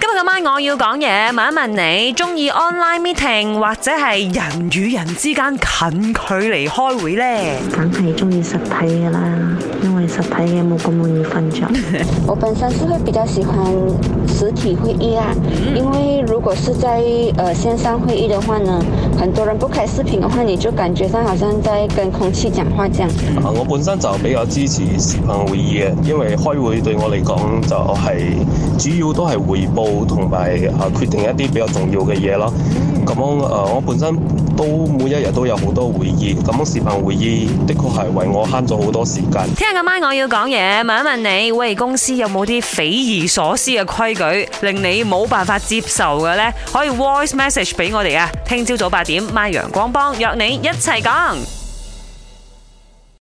今日今晚我要講嘢，問一問你，中意 online meeting 或者係人與人之間近距離開會咧？梗係中意實體噶啦，因為實體嘅冇咁容易瞓着。我本身是會比較喜歡實體會議啊，因為如果是在誒線上會議的話呢，很多人不開視頻嘅話，你就感覺上好像在跟空氣講話咁。我本身就比較支持視頻會議嘅，因為開會對我嚟講就係主要都係匯報。同埋啊，決定一啲比較重要嘅嘢咯。咁誒，我本身都每一日都有好多會議，咁樣視頻會議的確係為我慳咗好多時間。聽日阿媽我要講嘢，問一問你，喂，公司有冇啲匪夷所思嘅規矩令你冇辦法接受嘅呢？可以 voice message 俾我哋啊！聽朝早八點，my 陽光幫約你一齊講。